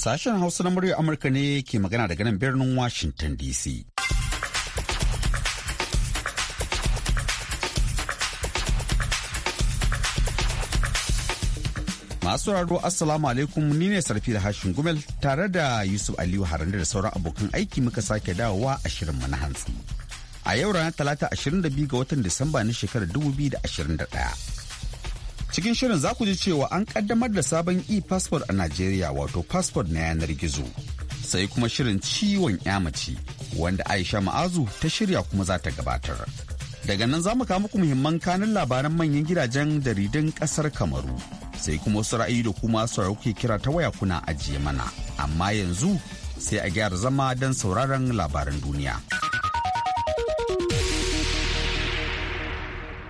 Sashen Hausa na murya Amurka ne ke magana daga nan birnin Washington DC. Masu raro Assalamu alaikum ni ne sarfi da hashin gumel tare da Yusuf Aliyu Harande da sauran abokan aiki muka sake dawowa a shirin na hantsi. A yau rana talata 22 ga watan Disamba na shekarar 2021. Cikin shirin za ku ji cewa an kaddamar da sabon e-passport a Najeriya wato passport na yanar gizo. Sai kuma shirin ciwon mace wanda Aisha Ma'azu ta shirya kuma za ta gabatar. Daga nan za mu kawo muku muhimman kanun labaran manyan gidajen jaridun ƙasar Kamaru. Sai kuma wasu ra'ayi da kuma sauraro kuke kira ta waya kuna ajiye mana. Amma yanzu sai a gyara zama don sauraron labaran duniya.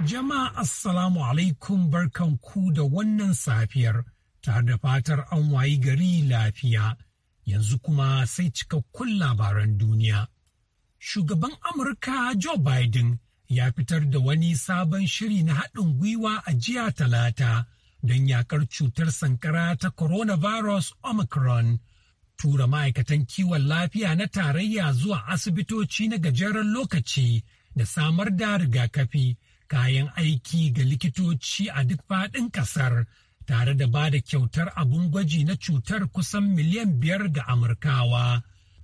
Jama'a Assalamu alaikum barkan ku da wannan safiyar tare da fatar an wayi gari lafiya yanzu kuma sai cikakkun labaran duniya. Shugaban Amurka Joe Biden ya fitar da wani sabon shiri na haɗin gwiwa a jiya talata don yakar cutar sankara ta coronavirus Omicron. Tura ma'aikatan kiwon lafiya na tarayya zuwa asibitoci na gajeren lokaci da samar da rigakafi. kayan aiki ga likitoci a duk faɗin ƙasar tare da ba da kyautar abun gwaji na cutar kusan miliyan biyar ga Amurkawa.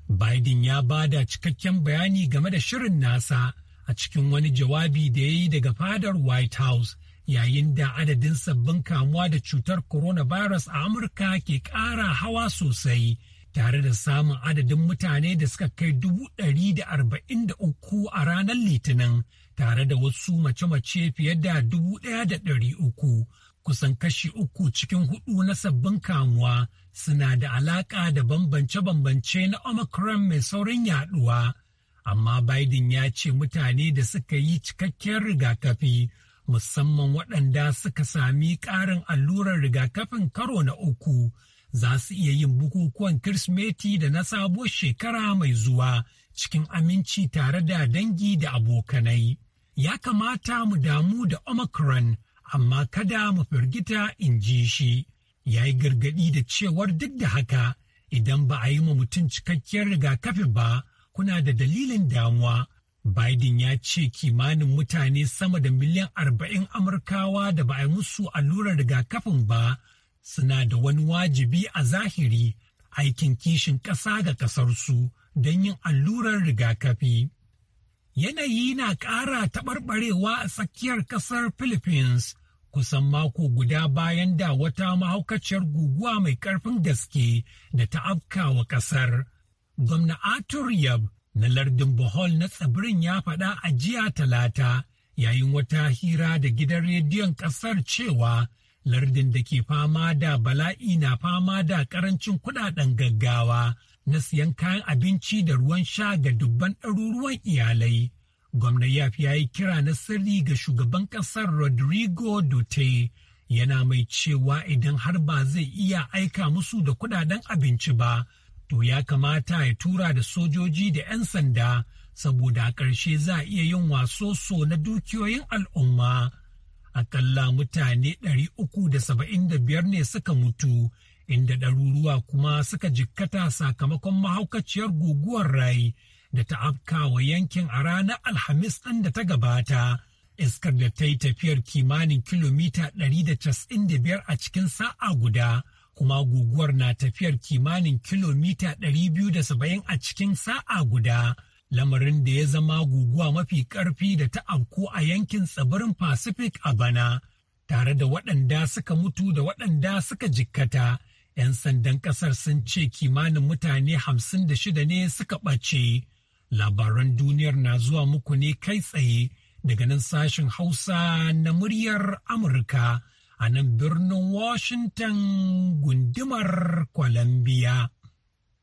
Biden ya ba da cikakken bayani game da shirin nasa a cikin wani jawabi da ya yi daga fadar White House yayin da adadin sabbin kamuwa da cutar coronavirus a Amurka ke ƙara hawa sosai. tare da samun adadin mutane da suka kai dubu ɗari da arba'in da uku a ranar litinin tare da wasu mace-mace fiye da dubu ɗaya da ɗari uku kusan kashi uku cikin hudu na sabbin kamuwa suna da alaƙa da bambance-bambance na omicron mai saurin yaduwa amma biden ya ce mutane da suka yi cikakkiyar rigakafi musamman waɗanda suka sami ƙarin allurar rigakafin karo na uku za su iya yin bukukuwan Kirsimeti da na sabuwar shekara mai zuwa cikin aminci tare da dangi da abokanai. ya kamata mu damu da Omicron amma kada mu firgita in ji shi. Ya yi gargaɗi da cewar duk da haka idan ba a yi ma mutum cikakkiyar rigakafi ba kuna da dalilin damuwa. Biden ya ce kimanin mutane sama da miliyan arba'in Amurkawa da ba a yi musu allurar rigakafin ba suna da wani wajibi a zahiri aikin kishin ƙasa ga ƙasarsu don yin allurar rigakafi. yanayi na ƙara taɓarɓarewa a tsakiyar ƙasar Philippines kusan mako guda bayan da wata mahaukaciyar guguwa mai ƙarfin gaske da ta afka wa ƙasar. Gwamna Arthur Yab na lardin Bohol na tsibirin ya faɗa a jiya talata yayin wata hira da gidan rediyon ƙasar cewa lardin da ke fama da bala'i na fama da ƙarancin kuɗaɗen gaggawa. na siyan kayan abinci da ruwan sha ga dubban ɗaruruwan iyalai. Gwamna ya ya yi kira na sirri ga shugaban ƙasar Rodrigo Duterte yana mai cewa idan har ba zai iya aika musu da kudaden abinci ba, to ya kamata ya tura da sojoji da 'yan sanda saboda a ƙarshe za a iya yin waso so na dukiyoyin al'umma. Akalla mutane 375 ne suka mutu inda ɗaruruwa kuma suka jikkata sakamakon mahaukaciyar guguwar rai da ta afka wa yankin a ranar alhamis ɗin da ta gabata iskar da ta yi tafiyar kimanin kilomita 195 a cikin sa'a guda kuma guguwar na tafiyar kimanin kilomita 270 a cikin sa'a guda lamarin da ya zama guguwa mafi ƙarfi da ta afko a yankin tsibirin pacific a bana tare da waɗanda suka mutu da waɗanda suka jikkata 'Yan sandan ƙasar sun ce kimanin mutane hamsin da shida ne suka ɓace. Labaran duniyar na zuwa muku ne kai tsaye daga nan sashen Hausa na muryar Amurka a nan birnin Washington gundumar Columbia.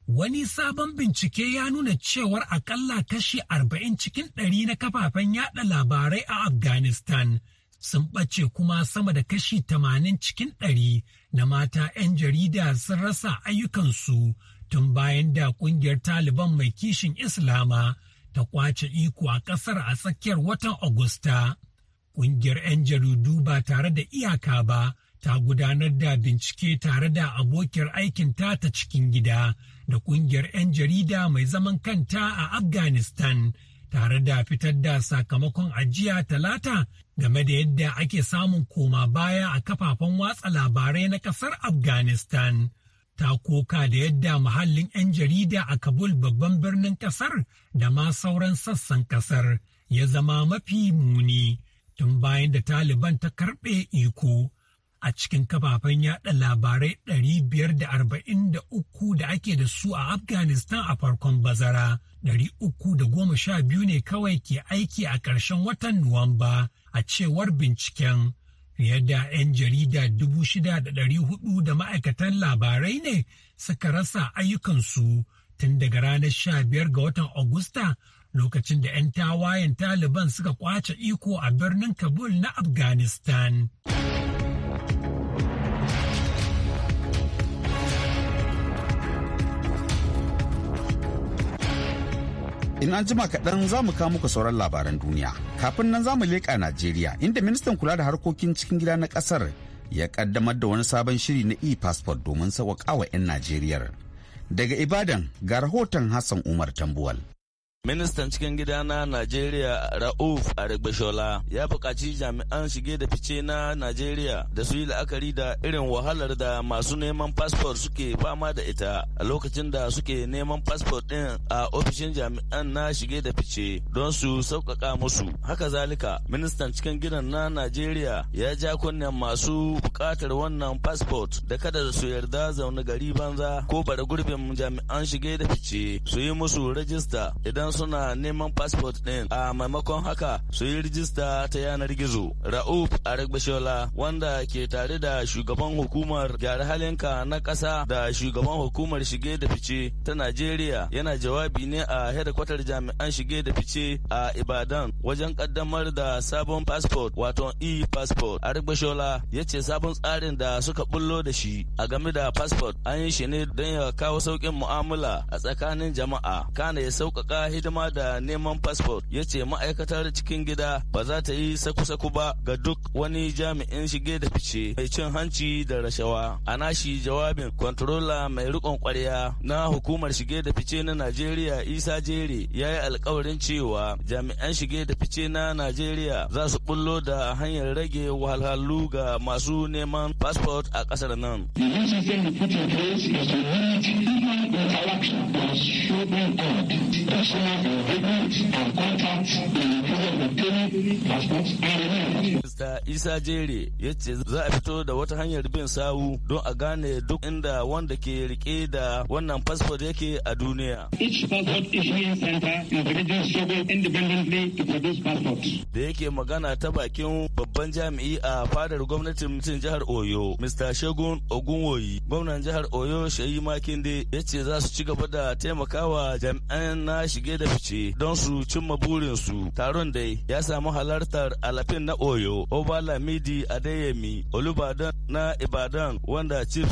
Wani sabon bincike ya nuna cewar akalla kashi arba'in cikin ɗari na kafafen yada labarai a Afghanistan sun ɓace kuma sama da kashi tamanin cikin ɗari na mata 'yan jarida sun rasa ayyukansu tun bayan da ƙungiyar taliban mai kishin islama ta kwace iko a ƙasar a tsakiyar watan agusta ƙungiyar 'yan jaridu ba tare da iyaka ba ta gudanar da bincike tare da abokiyar aikin ta ta cikin gida da ƙungiyar 'yan jarida mai zaman kanta a afghanistan tare da fitar da sakamakon ajiya talata game da yadda ake samun koma baya a kafafen watsa labarai na kasar afghanistan ta koka da yadda muhallin 'yan jarida a kabul babban birnin kasar da ma sauran sassan kasar ya zama mafi muni tun bayan da taliban ta karɓe iko a cikin kafafen yada labarai 543 da ake da su a afghanistan a farkon bazara 312 ne kawai ke aiki a ƙarshen watan nuwamba a cewar binciken fiye da 'yan jarida 6,400 da ma'aikatan labarai ne suka rasa ayyukansu tun daga ranar 15 ga watan agusta lokacin da 'yan tawayen taliban suka kwace iko a birnin kabul na afghanistan. in an jima kaɗan za mu kawo muku sauran labaran duniya kafin nan za mu leƙa najeriya inda ministan kula da harkokin cikin gida na ƙasar ya ƙaddamar da wani sabon shiri na e-passport domin sauƙaƙa wa 'yan najeriyar daga ibadan ga rahoton hassan umar tambuwal Ministan cikin gida na Najeriya Ra'uf Arigbashola ya buƙaci jami'an shige da fice na Najeriya da su yi la'akari da irin wahalar da masu neman fasfor suke fama da ita a lokacin da suke neman fasfor ɗin a ofishin jami'an na shige da fice don su sauƙaƙa musu. Haka zalika, ministan cikin gidan na Najeriya ya ja kunnen masu buƙatar wannan fasfor da kada su yarda zaune gari banza ko bara gurbin jami'an shige da fice su yi musu rajista idan suna neman passport ɗin a maimakon haka su yi rijista ta yanar gizo. Ra'uf Aregbeshola wanda ke tare da shugaban hukumar gyara halinka na kasa da shugaban hukumar shige da fice ta Najeriya yana jawabi ne a hedikwatar jami'an shige da fice a Ibadan wajen kaddamar da sabon passport wato e-passport. Aregbeshola ya ce sabon tsarin da suka bullo da shi a game da passport an yi shi ne don ya kawo sauƙin mu'amala a tsakanin jama'a kana ya sauƙaƙa hidima da neman fasfot ya ce ma'aikatar cikin gida ba za ta yi saku-saku ba ga duk wani jami'in shige da fice mai cin hanci da rashawa a nashi jawabin kwantarola mai rikon kwarya na hukumar shige da fice na najeriya isa jere ya yi alkawarin cewa jami'an shige da fice na najeriya za su bullo da hanyar rage wahalhalu ga masu neman fasfot a kasar nan Personal Mista Isa Jere ya ce za a fito da wata hanyar bin sawu don a gane duk inda wanda ke rike da wannan fasfot yake a duniya. Da yake magana ta bakin babban jami'i a fadar gwamnatin mutum jihar Oyo, Mr. Shegun Ogunwoyi, gwamnan jihar Oyo Shayi Makinde ya ce za su ci gaba da taimakawa jami'an na shige da da fice don su cimma burin su Taron dai ya samu halartar alafin na Oyo, lamidi Adeyemi, Olubadan na Ibadan wanda Chief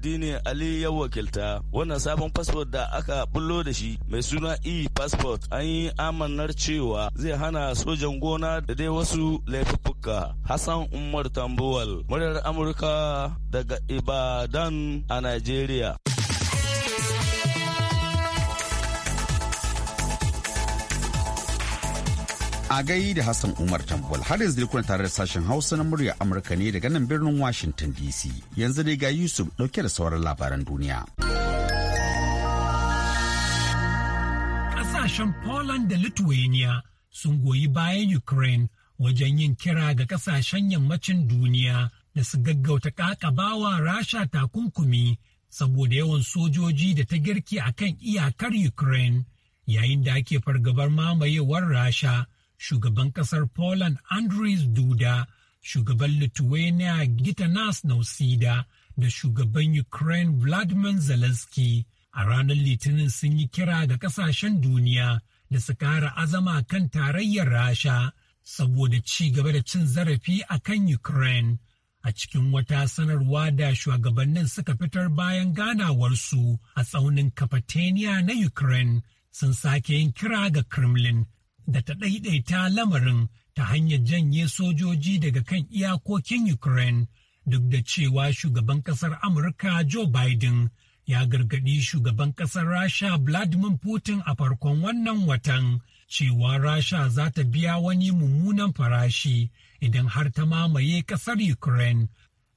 dini Ali ya wakilta. Wannan sabon passport da aka bullo da shi mai suna e-passport an yi amanar cewa zai hana sojan gona da dai wasu laifuffuka. Hassan Umar Tambuwal, muryar Amurka daga Ibadan a Najeriya. a gai da Hassan Umar Tambol har yanzu kuna tare da sashen Hausa na murya Amurka ne daga nan birnin Washington DC. Yanzu dai ga Yusuf dauke da sauran labaran duniya. Kasashen Poland da Lithuania sun goyi bayan Ukraine wajen yin kira ga kasashen yammacin duniya da su gaggauta kakabawa rasha takunkumi saboda yawan sojoji da ta girki a kan iyakar Ukraine yayin da ake fargabar mamayewar rasha shugaban kasar Poland Andres Duda, shugaban Lithuania Gitanas Nausida da shugaban Ukraine Vladimir Zelensky a ranar Litinin sun yi kira ga kasashen duniya da su kara azama kan tarayyar Rasha saboda ci gaba da cin zarafi a kan Ukraine. a cikin wata sanarwa da shugabannin suka fitar bayan ganawarsu a tsaunin Kapatenia na Ukraine sun sake yin kira ga Kremlin da ta ɗaiɗaita lamarin ta hanyar janye sojoji daga kan iyakokin Ukraine duk da cewa shugaban ƙasar Amurka Joe Biden ya gargaɗi shugaban ƙasar Rasha Vladimir Putin a farkon wannan watan cewa Rasha za ta biya wani mummunan farashi idan har ta mamaye ƙasar Ukraine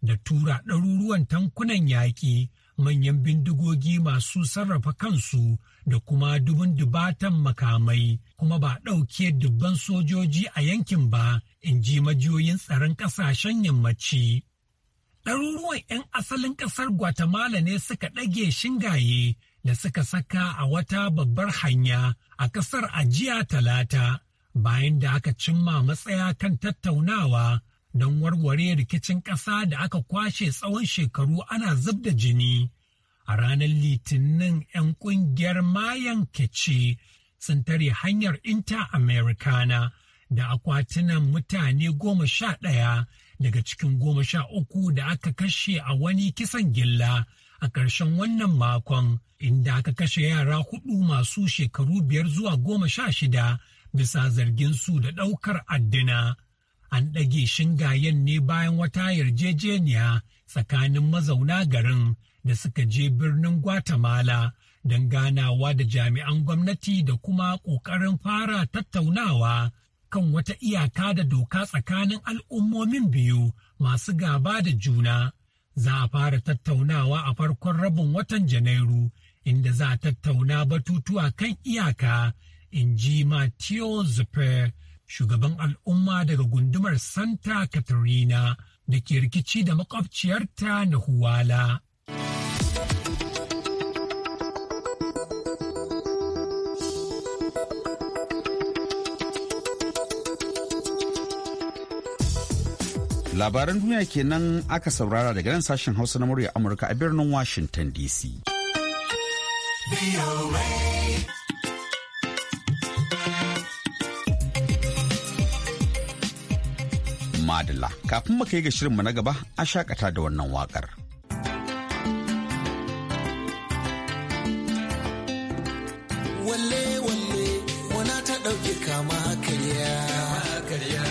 da tura ɗaruruwan tankunan yaƙi manyan bindigogi masu sarrafa kansu da kuma dubin dubatan makamai kuma ba ɗauke dubban sojoji a yankin ba in ji majiyoyin tsaron ƙasashen yammaci. Ɗaruruwan 'yan asalin ƙasar Guatemala ne suka ɗage shingaye da suka saka a wata babbar hanya a ƙasar ajiya talata bayan da aka cimma matsaya kan tattaunawa don warware rikicin ƙasa da aka kwashe tsawon shekaru ana zub da jini. A ranar Litinin 'yan ƙungiyar Mayan Kece sun tare hanyar Inter-Americana da akwatunan mutane goma sha ɗaya daga cikin goma sha uku da aka kashe a wani kisan gilla a ƙarshen wannan makon inda aka kashe yara hudu masu shekaru biyar zuwa goma sha shida bisa zargin su da ɗaukar addina an ɗage shingayen ne bayan wata yarjejeniya tsakanin mazauna garin da suka je birnin Guatemala don ganawa da jami'an gwamnati da kuma ƙoƙarin fara tattaunawa kan wata iyaka da doka tsakanin al'ummomin biyu masu gaba da juna. Za a fara tattaunawa a farkon rabin watan Janairu inda za a tattauna batutuwa kan iyaka, in ji Matteo Zuper. shugaban al'umma daga gundumar Santa Katarina da ke rikici da makwabciyarta na Huwala. Labaran duniya kenan aka saurara daga nan sashen Hausa na murya Amurka a birnin Washington DC. madalla kafin mu kai ga shirinmu na gaba a shakata da wannan wakar. Walle walle wana ta ɗauke kama karya. Kama karya.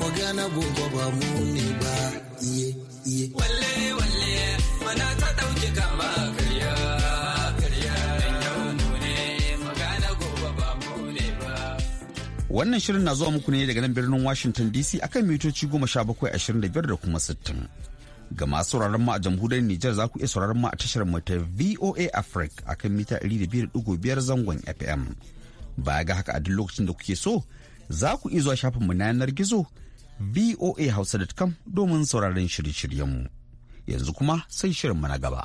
Wa gana gobe ba mu ne ba. Wannan shirin na zuwa muku ne daga nan birnin Washington DC akan mitoci 1725 da kuma 60. Ga masu sauraron mu a jamhuriyar Nijar za ku iya sauraron mu a tashar mu ta VOA Africa akan mita 200.5 zangon FM. Baya ga haka a duk lokacin da kuke so za ku iya zuwa shafin mu na yanar gizo voahausa.com domin sauraron shirye-shiryen mu. Yanzu kuma sai shirin mu na gaba.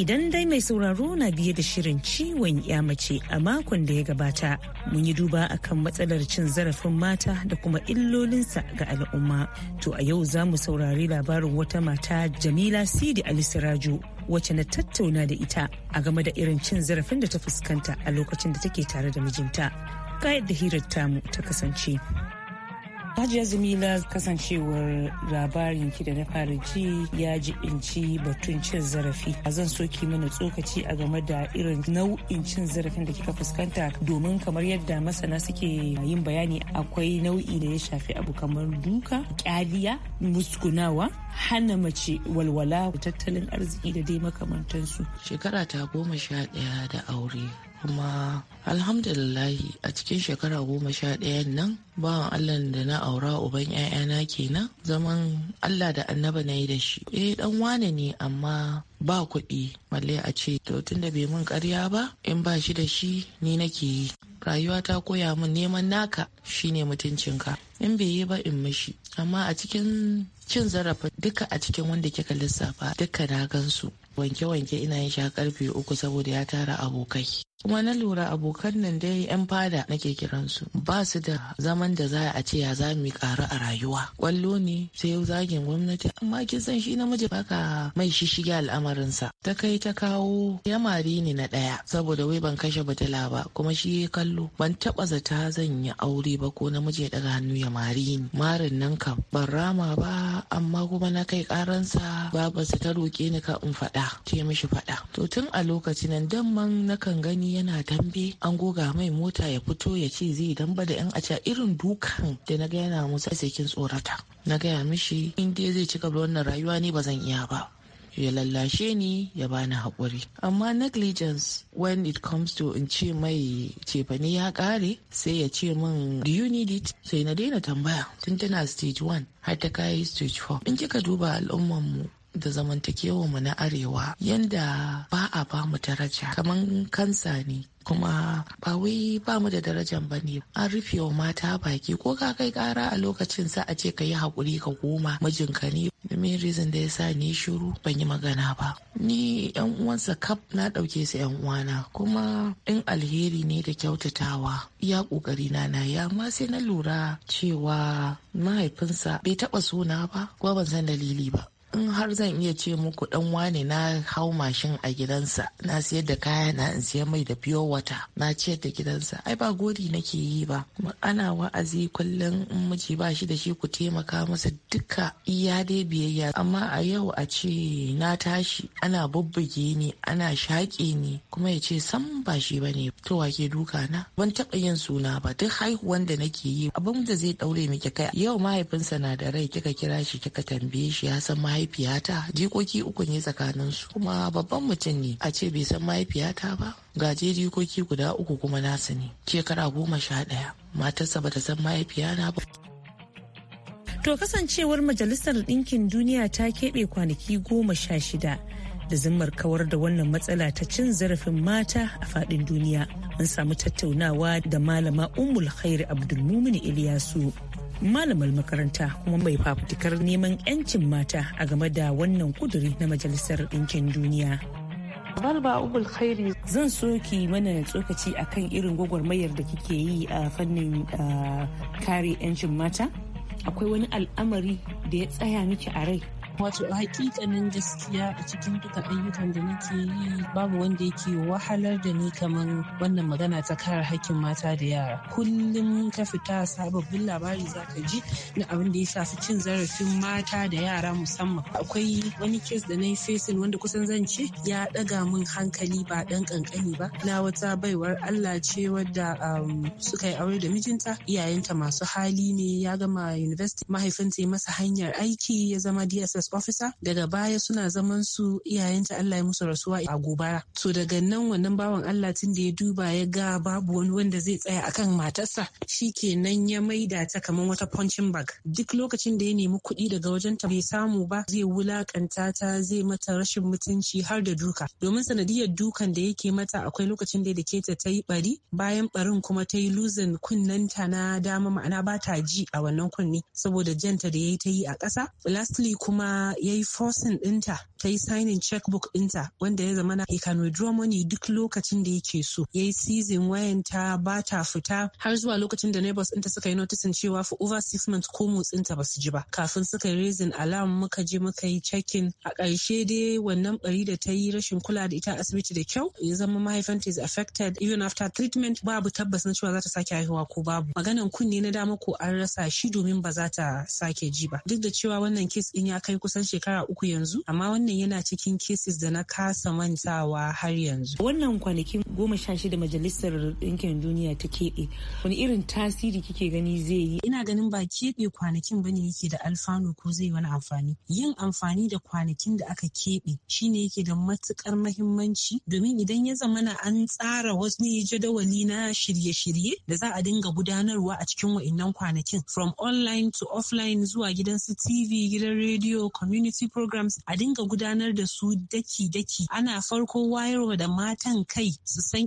idan dai mai sauraro na biye da shirin ciwon ya mace a makon da ya gabata mun yi duba akan matsalar cin zarafin mata da kuma illolinsa ga al'umma to a yau za mu saurari labarin wata mata jamila sidi ali siraju wacce na tattauna da ita a game da irin cin zarafin da ta fuskanta a lokacin da take tare da mijinta ga yadda hirar tamu ta kasance Hajiya Jamila kasancewar labarin ki da na fara ji ya ci batun cin zarafi. A zan so ki mana tsokaci a game da irin nau'in cin zarafin da kika fuskanta domin kamar yadda masana suke yin bayani akwai nau'i da ya shafi abu kamar duka, kyaliya, muskunawa, hana mace walwala, tattalin arziki da dai makamantansu. Shekara ta goma sha ɗaya da aure kuma alhamdulillahi a cikin shekara goma sha ɗaya nan bawan allah da na aura uban 'ya'yana kenan zaman allah da annaba na yi da shi eh dan wane ne amma ba kuɗi malle a ce to tunda bai mun karya ba in ba shi da shi ni nake yi rayuwa ta koya min neman naka shine mutuncinka in bai yi ba in mishi amma a cikin cin zarafa duka a cikin wanda kika lissafa duka na gansu wanke-wanke ina yin sha karfe uku saboda ya tara abokai kuma na lura abokan nan dai yan fada nake kiransu ba su da zaman da za a ce ya za mu karu a rayuwa kwallo ne sai zagin gwamnati amma kin san shi namiji baka mai shishige al'amarinsa ta kai ta kawo ya mari ne na ɗaya saboda wai ban kashe batala ba kuma shi ya kallo ban taba zata zan yi aure ba ko namiji ya daga hannu ya mari ni marin nan kam ban rama ba amma kuma na kai karansa Babansa ta roke ni ka in faɗa ce mishi faɗa to tun a lokacin nan dan man nakan gani yana dambe an goga mai mota ya fito ya ce zai damba da yan aca irin dukan da na ga yana musa sai kin tsorata na gaya mishi in dai zai ci gaba wannan rayuwa ne ba zan iya ba ya lallashe ni ya bani haƙuri amma negligence when it comes to in ce mai cefane ya kare sai ya ce min do you need it sai na daina tambaya tun tana stage 1 har ta kai stage 4 in kika duba al'umman mu da zamantakewa mu na arewa yanda ba a ba mu daraja kaman kansa ne kuma ba wai ba mu da darajan ba ne an rufe wa mata baki ko ka kai kara a lokacin sa a ce ka yi haƙuri ka goma mijinka ne domin reason da ya sa ni shiru ban yi magana ba ni yan uwansa kaf na ɗauke su yan uwana kuma in alheri ne da kyautatawa Ya ƙoƙari na na ya ma sai na lura cewa mahaifinsa bai taɓa suna ba kuma ban san dalili ba in har zan iya ce muku dan wane na hau mashin a gidansa na siyar da kaya na in siyar mai da pure water na ciyar da gidansa ai ba gori nake yi ba ana wa'azi kullum in miji ba shi da shi ku taimaka masa duka iya dai biyayya amma a yau a ce na tashi ana bubbuge ni ana shaƙe ni kuma ya ce san ba shi ba ne to wake duka na ban taɓa yin suna ba duk haihuwan da nake yi abin da zai ɗaure miki kai yau mahaifinsa na da rai kika kira shi kika tambaye shi ya san mahaifiyata jikoki uku ne tsakanin su kuma babban mutum ne a ce bai san mahaifiyata ba ga jikoki guda uku kuma nasu ne shekara goma sha ɗaya matarsa ba ta san mahaifiyana ba To kasancewar Majalisar Ɗinkin Duniya ta keɓe kwanaki goma sha shida da zimmar kawar da wannan matsala ta cin zarafin mata a faɗin duniya. an samu tattaunawa da malama Ummul khairu Abdulmumin Ilyasu malamar makaranta kuma mai fafutukar neman 'yancin mata a game da wannan kuduri na majalisar ɗinkin duniya. Barba Ubul Khairi zan so ki mana tsokaci akan irin gwagwarmayar da kike yi a fannin kare 'yancin mata. Akwai wani al'amari da ya tsaya miki a rai Wato a hakikanin gaskiya a cikin duka ayyukan da nake yi babu wanda yake wahalar da ni kamar wannan magana ta kare hakkin mata da yara. Kullum ka fita sababbin labari za ka ji na abin da ya shafi cin zarafin mata da yara musamman. Akwai wani kes da na yi fesin wanda kusan zan ce ya ɗaga min hankali ba ɗan ƙanƙani ba. Na wata baiwar Allah ce wadda um, suka yi aure da mijinta iyayenta masu hali ne ya gama university mahaifinta ya masa hanyar aiki ya zama DSS officer daga baya suna zaman su iyayenta Allah ya musu rasuwa a gobara to daga nan wannan bawan Allah tun da ya duba ya ga babu wani wanda zai tsaya akan matarsa shikenan ya maida ta kamar wata punching bag duk lokacin da ya nemi kuɗi daga wajen ta bai samu ba zai wulakanta ta zai mata rashin mutunci har da duka domin sanadiyar dukan da yake mata akwai lokacin da yake ta ta yi bari bayan barin kuma ta yi luzin ta na dama ma'ana ba ta ji a wannan kunni saboda janta da ya yi ta yi a ƙasa lastly kuma ya yi forcing ɗinta ta yi signing checkbook ɗinta wanda ya zama na he can withdraw money duk lokacin da yake so ya yi season wayanta ba ta fita har zuwa lokacin da neighbors ɗinta suka yi notisin cewa for over six months ko motsinta ba su ji ba kafin suka yi raising alarm muka je muka yi checking a ƙarshe dai wannan bari da ta yi rashin kula da ita asibiti da kyau ya zama mahaifanta is affected even after treatment babu tabbas na cewa za ta sake haihuwa ko babu maganan kunne na dama ko an rasa shi domin ba za ta sake ji ba duk da cewa wannan kes ɗin ya kai kusan shekara uku yanzu amma wannan wannan yana cikin kesis da na kasa mantawa har yanzu wannan kwanakin goma sha shida majalisar ɗinkin duniya ta keɓe wani irin tasiri kike gani zai yi ina ganin ba keɓe kwanakin ba ne yake da alfanu ko zai wani amfani yin amfani da kwanakin da aka keɓe shine yake da matuƙar mahimmanci domin idan ya zamana an tsara wasu jadawali na shirye-shirye da za a dinga gudanarwa a cikin wa'innan kwanakin from online to offline zuwa gidan su tv gidan rediyo community programs a dinga gudanar da su daki-daki ana farko wayarwa da matan kai su san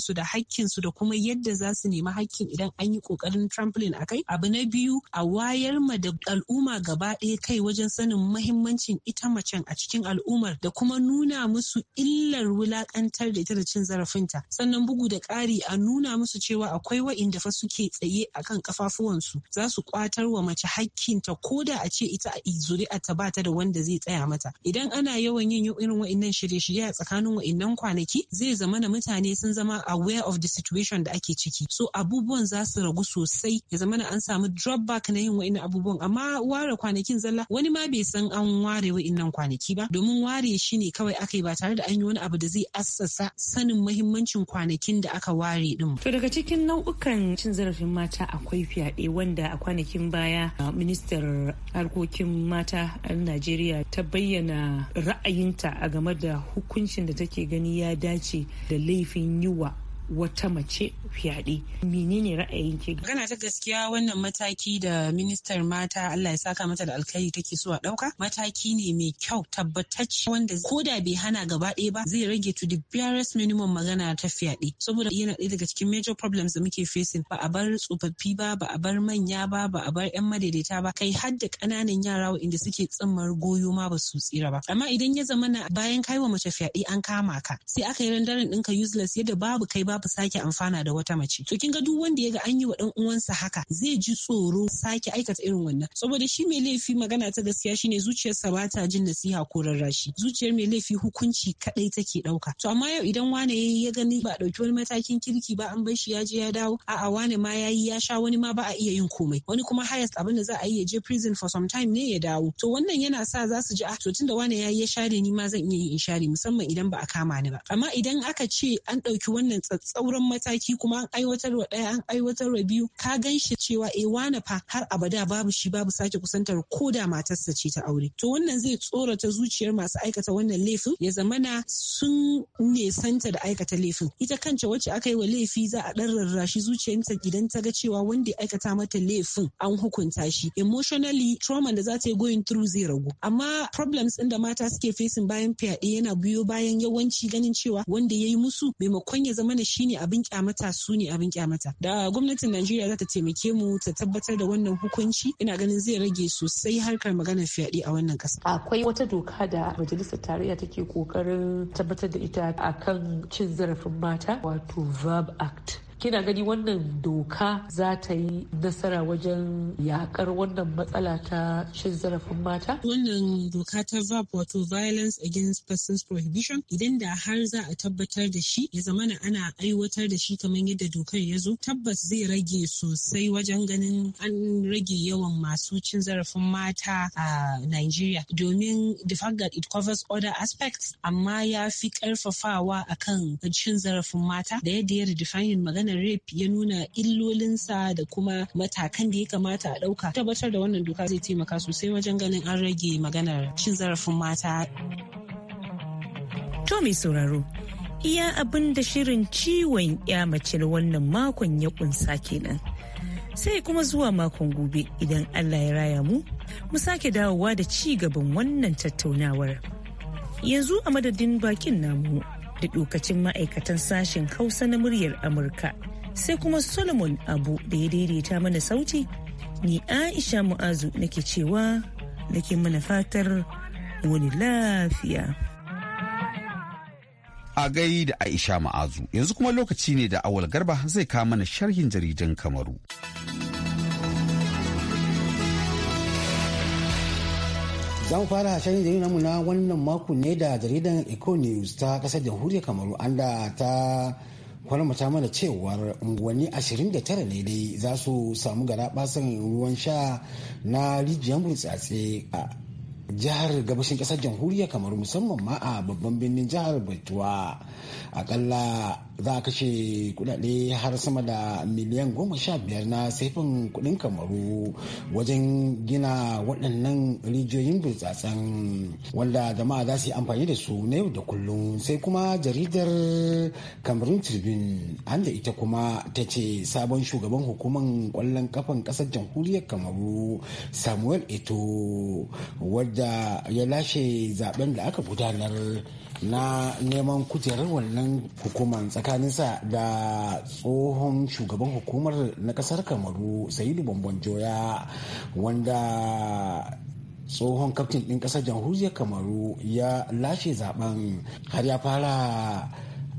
su da hakkinsu da kuma yadda za su nemi hakkin idan an yi kokarin trampoline a kai abu na biyu a wayar ma da al'umma gaba ɗaya kai wajen sanin mahimmancin ita macen a cikin al'ummar da kuma nuna musu illar wulakantar da ita da cin zarafinta sannan bugu da ƙari a nuna musu cewa akwai wa'inda fa suke tsaye a kan ƙafafuwansu, za su ƙwatar wa mace hakkinta ko da a ce ita a zuri'arta ba ta da wanda zai tsaya mata idan idan ana yawan yin irin wa'annan shirye-shirye a tsakanin wa'annan kwanaki zai zama na mutane sun zama aware of the situation da ake ciki so abubuwan za su ragu sosai ya zama na an samu drop back na yin wa'annan abubuwan amma ware kwanakin zalla wani ma bai san an ware wa'annan kwanaki ba domin ware shi ne kawai aka yi ba tare da an yi wani abu da zai assasa sanin mahimmancin kwanakin da aka ware din to daga cikin nau'ukan cin zarafin mata akwai fyaɗe wanda a kwanakin baya ministar harkokin mata a Najeriya ta bayyana ra'ayinta a game da hukuncin da take gani ya dace da laifin yiwa wata mace fyaɗe. Menene ra'ayinki? Magana ta gaskiya wannan mataki da ministar mata Allah ya saka mata da alkhairi take so a ɗauka mataki ne mai kyau tabbatacce wanda ko da bai hana gaba ɗaya ba zai rage to the barest minimum magana ta fyaɗe saboda yana ɗaya daga cikin major problems da muke facing ba a bar tsofaffi ba ba a bar manya ba ba a bar 'yan madaidaita ba kai har da ƙananan yara inda suke tsammar goyo ma ba su tsira ba amma idan ya zama na bayan kai wa mace fyaɗe an kama ka sai aka yi rendering ɗinka useless yadda babu kai ba Babu sake amfana da wata mace to kin ga duk wanda ya ga an yi wa dan uwansa haka zai ji tsoro sake aikata irin wannan saboda shi mai laifi magana ta gaskiya shine zuciyarsa ba ta jin nasiha ko rarrashi zuciyar mai laifi hukunci kadai take dauka to amma yau idan wane ya ya gani ba dauki wani matakin kirki ba an bar shi ya je ya dawo a'a wane ma ya yi ya sha wani ma ba a iya yin komai wani kuma highest abin da za a yi ya je prison for some time ne ya dawo to wannan yana sa za su ji ah to tunda wane yayi ya share ni ma zan iya yin in share musamman idan ba a kama ni ba amma idan aka ce an dauki wannan tsauran mataki kuma an aiwatar wa ɗaya an aiwatar wa biyu ka gan shi cewa e wane fa har abada babu shi babu sake kusantar ko da matarsa ce ta aure to wannan zai tsorata zuciyar masu aikata wannan laifin ya zamana sun nesanta da aikata laifin ita kanta wacce aka yi wa laifi za a ɗan rarrashi zuciyarta idan ta ga cewa wanda ya aikata mata laifin an hukunta shi emotionally trauma da za ta yi going through zai ragu amma problems ɗin da mata suke facing bayan fyaɗe yana biyo bayan yawanci ganin cewa wanda ya yi musu maimakon ya zamana shi shine abin kyamata su ne abin kyamata da gwamnatin najeriya za ta taimake mu ta tabbatar da wannan hukunci ina ganin zai rage sosai harkar maganar fyaɗe a wannan ƙasa akwai wata doka da majalisar tarayya take kokarin tabbatar da ita akan cin zarafin mata wato verb act kina gani wannan doka za ta yi nasara wajen yakar wannan matsala ta cin zarafin mata? Wannan doka ta VAP wato Violence Against Persons Prohibition idan da har za a tabbatar da shi ya zamana ana aiwatar da shi kamar yadda dokar ya zo tabbas zai rage sosai wajen ganin an rage yawan masu cin zarafin mata a Nigeria domin the fact that it covers other aspects amma ya fi karfafawa akan cin zarafin mata da yadda ya redefine magana magana rape ya nuna illolinsa da kuma matakan da ya kamata a ɗauka tabbatar da wannan doka zai taimaka sosai wajen ganin an rage maganar cin zarafin mata to mai sauraro iya abin da shirin ciwon ya mace na wannan makon ya kunsa kenan sai kuma zuwa makon gobe idan allah ya raya mu mu sake dawowa da ci gaban wannan tattaunawar yanzu a madadin bakin namu da dokacin ma'aikatan sashen hausa na muryar amurka sai kuma solomon abu da ya daidaita mana sauti ni aisha mu'azu nake cewa nake mana fatar wani lafiya a gai da aisha ma'azu yanzu kuma lokaci ne da awal garba zai kawo mana sharhin jaridan kamaru. za mu fara shirin da namu na wannan mako ne da jaridan eco news ta kasar jamhuriyar kamaru an da ta kwanamata mana cewa unguwanni 29 ne dai za su samu gara basan ruwan sha na rijiyar burtsatse a jihar gabashin kasar jamhuriyar kamaru musamman ma a babban birnin jihar batuwa akalla za a kashe kudade har sama da miliyan goma sha biyar na saifin kudin kamaru wajen gina waɗannan rijiyoyin burtsatsen wanda jama'a za su yi amfani da su na yau da kullum sai kuma jaridar cameroon tribune an da ita kuma ta ce sabon shugaban hukumar kwallon kafan ƙasar jamhuriyar kamaru samuel eto wadda ya lashe zaben da aka gudanar na neman kujerar wannan hukumar tsakanin tsakaninsa da tsohon shugaban hukumar na kasar kamaru sayidu bambon joya wanda tsohon kaftin ɗin ƙasar jamhuriyar kamaru ya lashe zaben har ya fara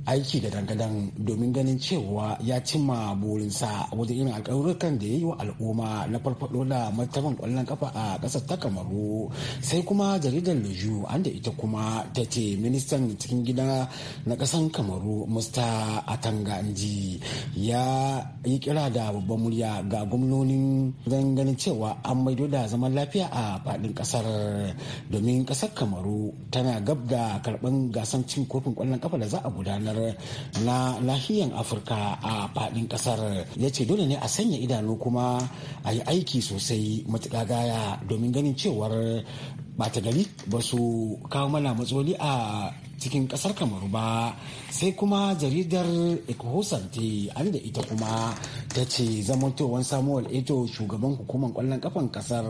aiki da dangadan domin ganin cewa ya cimma burinsa wajen irin alƙawurkan da ya yi wa al'umma na farfaɗo da martaban kwallon kafa a ƙasar ta kamaru sai kuma jaridar leju an da ita kuma ta ce ministan cikin gida na ƙasar kamaru musta atanganji ya yi kira da babban murya ga gwamnonin don ganin cewa an maido da zaman lafiya a faɗin ƙasar domin ƙasar kamaru tana gab da karɓan gasan cin kofin ƙwallon kafa da za a gudanar na lahiyan afirka a fadin kasar ya ce dole ne a sanya idanu kuma a yi aiki sosai matuƙa gaya domin ganin cewar bata gari ba su kawo mana matsaloli a cikin kasar kamaru ba sai kuma jaridar ecohosan te an da ita kuma ta ce zamantowar samuel eto shugaban hukumar kwallon kafan kasar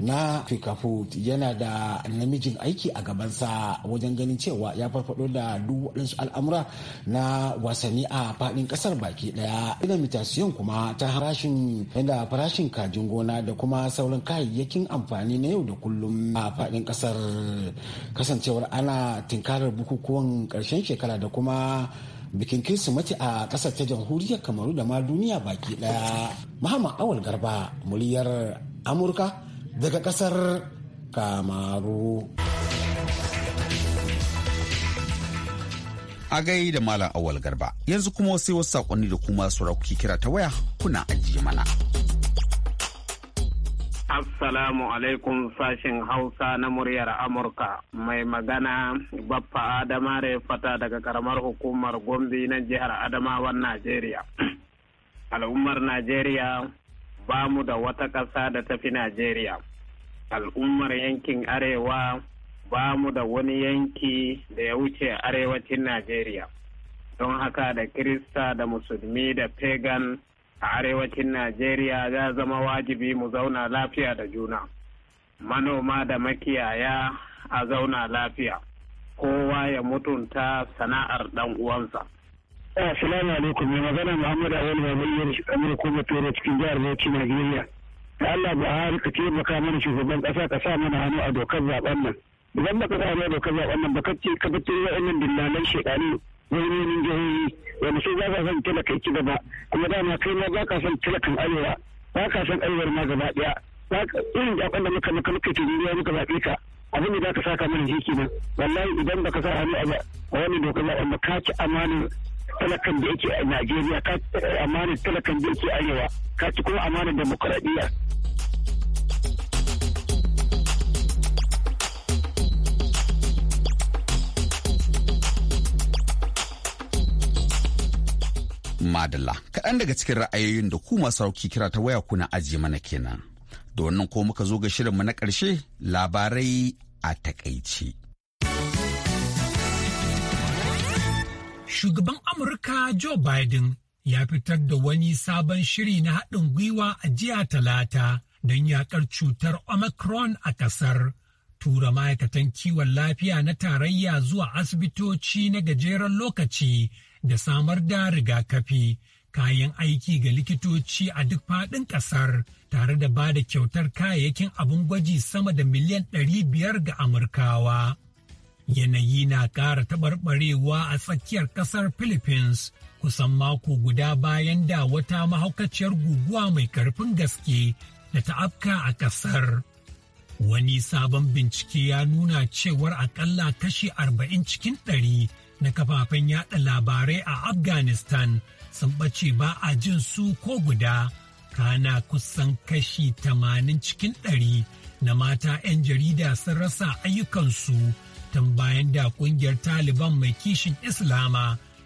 na food yana da namijin aiki a gabansa wajen ganin cewa ya farfado da duk waɗansu al'amura na wasanni a faɗin ƙasar baki ɗaya mitasiyon kuma ta harashin yadda farashin kajin gona da kuma sauran kayayyakin amfani na yau da kullum a faɗin ƙasar kasancewar ana tinkarar bukukuwan ƙarshen shekara da kuma bikin kirsimati a ƙasar ta jamhuriyar kamaru da ma duniya baki ɗaya muhammad awal garba muliyar amurka daga kasar kamaru a gai da malam awal garba yanzu kuma sai wasu sakonni da kuma sauraki kira ta waya kuna ajiye mana Assalamu alaikum sashen Hausa na muryar Amurka mai magana Baffa Adamare fata daga karamar hukumar Gombe na jihar Adamawan Najeriya. Al'ummar Najeriya ba mu da wata ƙasa da tafi Najeriya. Al'ummar yankin Arewa ba mu da wani yanki da ya wuce arewacin Najeriya. Don haka da Kirista da Musulmi da Pagan a arewacin Najeriya ya zama wajibi mu zauna lafiya da juna. Manoma da makiyaya a zauna lafiya. Kowa ya mutunta sana'ar ɗan uwansa. Eh, assalamu alaikum mai magana Muhammad ya Babayyar Amir Kuma Fere cikin jihar Bauchi Najeriya. Da Allah Buhari ka baka mana shugaban kasa ka sa mana hannu a dokar zaben nan. Idan baka sa hannu dokar zaben nan baka ce ka bace wa'annan dillalan shekani wani jihohi wanda su ba ka son talaka ki gaba kuma dama kai ma ba ka son talakan arewa ba ka son arewar ma gaba daya. Irin zaben da muka muka muka tijiriya muka zaɓe ka abin da za ka saka mana shi kenan wallahi idan baka sa hannu a wani dokar zaben ba ka ci amanar talakan da yake a Najeriya ka talakan da yake arewa ka ci kuma amanar demokuraɗiyya. Madalla kaɗan daga cikin ra'ayoyin da ku masu sauki kira ta waya kuna ajiye mana kenan. Da wannan ko muka zo ga shirin mu na ƙarshe labarai a takaice. Shugaban Amurka Joe Biden ya fitar da wani sabon shiri na haɗin gwiwa a jiya talata don yaƙar cutar Omicron a ƙasar. Tura ma'aikatan kiwon lafiya na tarayya zuwa asibitoci na gajeren lokaci da samar da rigakafi. kayan aiki ga likitoci a duk faɗin ƙasar tare da ba da kyautar kayayyakin abin gwaji sama da miliyan 500 ga Amurkawa. yanayi na ƙara taɓarɓarewa a tsakiyar ƙasar Philippines kusan mako guda bayan da wata mahaukaciyar guguwa mai karfin gaske da ta afka a ƙasar. Wani sabon bincike ya nuna cewar aƙalla kashi arba'in cikin ɗari na kafafen yada labarai a Afghanistan sun ɓace ba a jin su ko guda, kana kusan kashi tamanin cikin ɗari na mata 'yan jarida sun rasa ayyukansu. tun bayan da kungiyar Taliban mai kishin Islama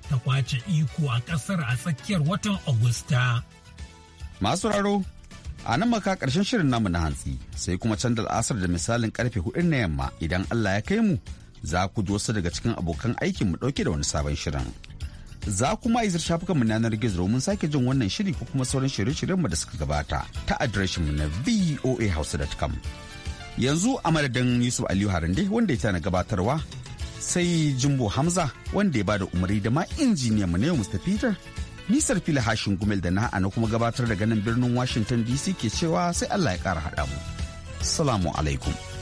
ta kwace iko a kasar a tsakiyar watan Agusta. Masu raro, a nan maka karshen shirin namu na hantsi sai kuma can da da misalin karfe hudu na yamma idan Allah ya kai mu za ku ji wasu daga cikin abokan aikin mu ɗauke da wani sabon shirin. Za ma izir shafukan mu yanar gizo domin sake jin wannan shiri ko kuma sauran shirye-shiryen mu da suka gabata ta adireshin mu na voahausa.com. yanzu a madadin yusuf aliyu harande wanda ya tana gabatarwa sai jimbo hamza wanda ya bada umarni da ma injiniya mu na mr peter nisar fila hashin gumel da na'a na kuma gabatar daga nan birnin washington dc ke cewa sai allah ya kara haɗa mu salamu alaikum